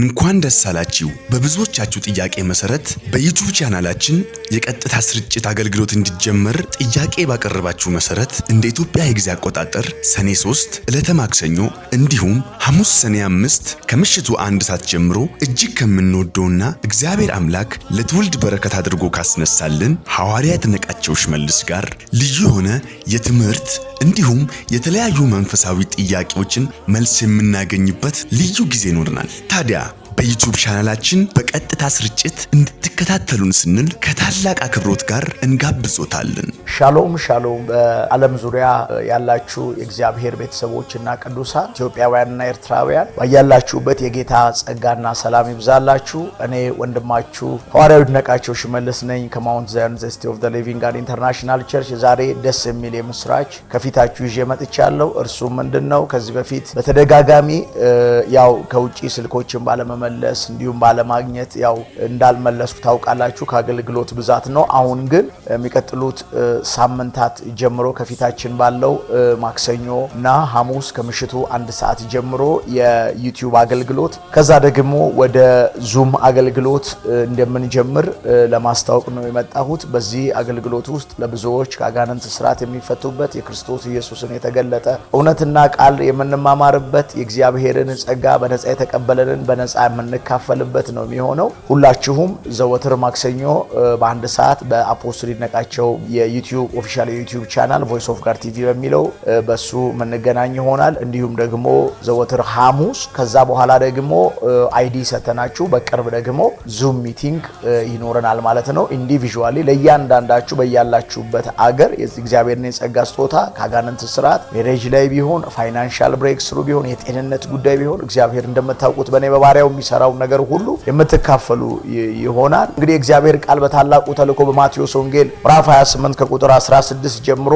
እንኳን ደስ አላችሁ። በብዙዎቻችሁ ጥያቄ መሰረት በዩቱብ ቻናላችን የቀጥታ ስርጭት አገልግሎት እንዲጀመር ጥያቄ ባቀረባችሁ መሰረት እንደ ኢትዮጵያ የጊዜ አቆጣጠር ሰኔ 3 ዕለተ ማክሰኞ እንዲሁም ሐሙስ ሰኔ 5 ከምሽቱ አንድ ሰዓት ጀምሮ እጅግ ከምንወደውና እግዚአብሔር አምላክ ለትውልድ በረከት አድርጎ ካስነሳልን ሐዋርያት ይድነቃቸው ሽመልስ ጋር ልዩ የሆነ የትምህርት እንዲሁም የተለያዩ መንፈሳዊ ጥያቄዎችን መልስ የምናገኝበት ልዩ ጊዜ ይኖርናል። ታዲያ በዩቲዩብ ቻናላችን በቀጥታ ስርጭት እንድትከታተሉን ስንል ከታላቅ አክብሮት ጋር እንጋብዞታለን። ሻሎም ሻሎም በዓለም ዙሪያ ያላችሁ የእግዚአብሔር ቤተሰቦች እና ቅዱሳን ኢትዮጵያውያንና ኤርትራውያን ባያላችሁበት የጌታ ጸጋና ሰላም ይብዛላችሁ። እኔ ወንድማችሁ ሐዋርያዊ ድነቃቸው ሽመልስ ነኝ ከማውንት ዛዮን ዘ ኦፍ ሊቪንግ ጋድ ኢንተርናሽናል ቸርች። ዛሬ ደስ የሚል የምስራች ከፊታችሁ ይዤ መጥቻለሁ። እርሱ ምንድን ነው? ከዚህ በፊት በተደጋጋሚ ያው ከውጭ ስልኮችን ባለመመለስ እንዲሁም ባለማግኘት ያው እንዳልመለስኩ ታውቃላችሁ። ከአገልግሎት ብዛት ነው። አሁን ግን የሚቀጥሉት ሳምንታት ጀምሮ ከፊታችን ባለው ማክሰኞ እና ሐሙስ ከምሽቱ አንድ ሰዓት ጀምሮ የዩቲዩብ አገልግሎት ከዛ ደግሞ ወደ ዙም አገልግሎት እንደምንጀምር ለማስታወቅ ነው የመጣሁት። በዚህ አገልግሎት ውስጥ ለብዙዎች ከአጋንንት ስርዓት የሚፈቱበት የክርስቶስ ኢየሱስን የተገለጠ እውነትና ቃል የምንማማርበት የእግዚአብሔርን ጸጋ በነፃ የተቀበለንን በነፃ የምንካፈልበት ነው የሚሆነው። ሁላችሁም ዘወትር ማክሰኞ በአንድ ሰዓት በአፖስትል ይድነቃቸው ዩቲዩብ ኦፊሻል የዩቲዩብ ቻናል ቮይስ ኦፍ ጋር ቲቪ በሚለው በሱ የምንገናኝ ይሆናል። እንዲሁም ደግሞ ዘወትር ሐሙስ ከዛ በኋላ ደግሞ አይዲ ሰተናችሁ በቅርብ ደግሞ ዙም ሚቲንግ ይኖረናል ማለት ነው። ኢንዲቪዥዋሊ ለእያንዳንዳችሁ በያላችሁበት አገር እግዚአብሔርን የጸጋ ስጦታ ከአጋንንት ስርዓት ሜሬጅ ላይ ቢሆን ፋይናንሻል ብሬክ ስሩ ቢሆን የጤንነት ጉዳይ ቢሆን እግዚአብሔር እንደምታውቁት በእኔ በባሪያው የሚሰራውን ነገር ሁሉ የምትካፈሉ ይሆናል። እንግዲህ እግዚአብሔር ቃል በታላቁ ተልእኮ በማቴዎስ ወንጌል ምዕራፍ 28 ከቁጥር 16 ጀምሮ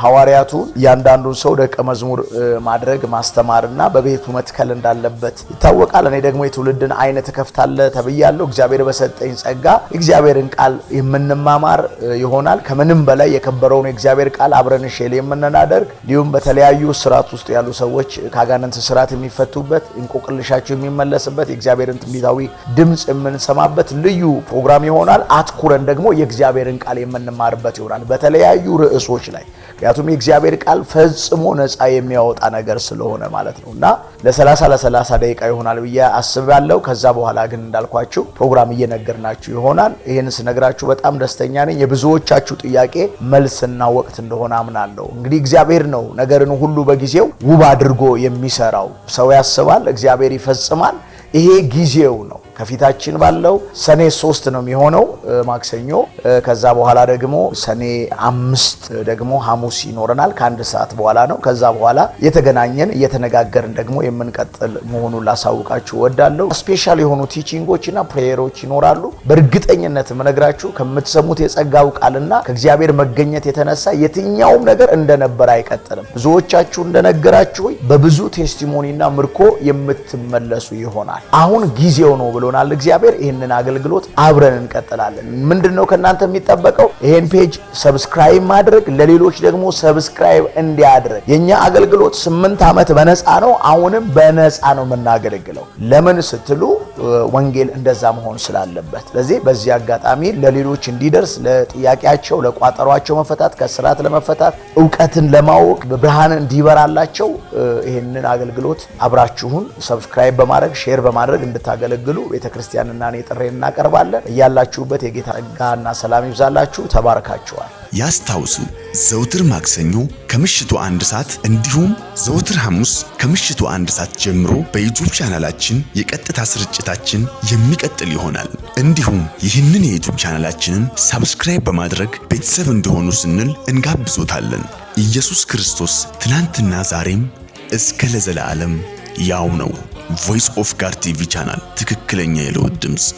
ሐዋርያቱ እያንዳንዱን ሰው ደቀ መዝሙር ማድረግ ማስተማርና በቤቱ መትከል እንዳለበት ይታወቃል። እኔ ደግሞ የትውልድን አይነት ከፍታለ ተብያለሁ። እግዚአብሔር በሰጠኝ ጸጋ እግዚአብሔርን ቃል የምንማማር ይሆናል። ከምንም በላይ የከበረውን የእግዚአብሔር ቃል አብረን ሼል የምንናደርግ እንዲሁም በተለያዩ ስርዓት ውስጥ ያሉ ሰዎች ከአጋንንት ስርዓት የሚፈቱበት እንቆቅልሻቸው የሚመለስበት የእግዚአብሔርን ትንቢታዊ ድምፅ የምንሰማበት ልዩ ፕሮግራም ይሆናል። አትኩረን ደግሞ የእግዚአብሔርን ቃል የምንማርበት ይሆናል። በተለያዩ ርዕሶች ላይ ምክንያቱም የእግዚአብሔር ቃል ፈጽሞ ነፃ የሚያወጣ ነገር ስለሆነ ማለት ነው እና ለ30 ለ30 ደቂቃ ይሆናል ብዬ አስባለሁ። ከዛ በኋላ ግን እንዳልኳችሁ ፕሮግራም እየነገርናችሁ ይሆናል። ይህን ስነግራችሁ በጣም ደስተኛ ነኝ። የብዙዎቻችሁ ጥያቄ መልስና ወቅት እንደሆነ አምናለሁ። እንግዲህ እግዚአብሔር ነው ነገርን ሁሉ በጊዜው ውብ አድርጎ የሚሰራው። ሰው ያስባል፣ እግዚአብሔር ይፈጽማል። ይሄ ጊዜው ነው። ከፊታችን ባለው ሰኔ ሶስት ነው የሚሆነው ማክሰኞ። ከዛ በኋላ ደግሞ ሰኔ አምስት ደግሞ ሐሙስ ይኖረናል። ከአንድ ሰዓት በኋላ ነው። ከዛ በኋላ እየተገናኘን እየተነጋገርን ደግሞ የምንቀጥል መሆኑን ላሳውቃችሁ ወዳለሁ። ስፔሻል የሆኑ ቲቺንጎችና ፕሬየሮች ይኖራሉ። በእርግጠኝነት የምነግራችሁ ከምትሰሙት የጸጋው ቃልና ከእግዚአብሔር መገኘት የተነሳ የትኛውም ነገር እንደነበር አይቀጥልም። ብዙዎቻችሁ እንደነገራችሁ በብዙ ቴስቲሞኒና ምርኮ የምትመለሱ ይሆናል። አሁን ጊዜው ነው ብሎ ብሎናል እግዚአብሔር። ይህንን አገልግሎት አብረን እንቀጥላለን። ምንድን ነው ከእናንተ የሚጠበቀው? ይህን ፔጅ ሰብስክራይብ ማድረግ፣ ለሌሎች ደግሞ ሰብስክራይብ እንዲያድረግ የእኛ አገልግሎት ስምንት ዓመት በነፃ ነው። አሁንም በነፃ ነው የምናገለግለው። ለምን ስትሉ ወንጌል እንደዛ መሆን ስላለበት፣ ስለዚህ በዚህ አጋጣሚ ለሌሎች እንዲደርስ ለጥያቄያቸው፣ ለቋጠሯቸው መፈታት ከስርዓት ለመፈታት እውቀትን ለማወቅ ብርሃን እንዲበራላቸው ይህንን አገልግሎት አብራችሁን ሰብስክራይብ በማድረግ ሼር በማድረግ እንድታገለግሉ ቤተክርስቲያንና እኔ ጥሬ እናቀርባለን። እያላችሁበት የጌታ ጸጋና ሰላም ይብዛላችሁ። ተባርካችኋል። ያስታውሱ። ዘውትር ማክሰኞ ከምሽቱ አንድ ሰዓት እንዲሁም ዘውትር ሐሙስ ከምሽቱ አንድ ሰዓት ጀምሮ በዩቱብ ቻናላችን የቀጥታ ስርጭታችን የሚቀጥል ይሆናል። እንዲሁም ይህንን የዩቱብ ቻናላችንን ሳብስክራይብ በማድረግ ቤተሰብ እንደሆኑ ስንል እንጋብዞታለን። ኢየሱስ ክርስቶስ ትናንትና ዛሬም እስከ ዓለም ያው ነው። ቮይስ ኦፍ ጋር ቲቪ ቻናል ትክክለኛ የለውጥ ድምፅ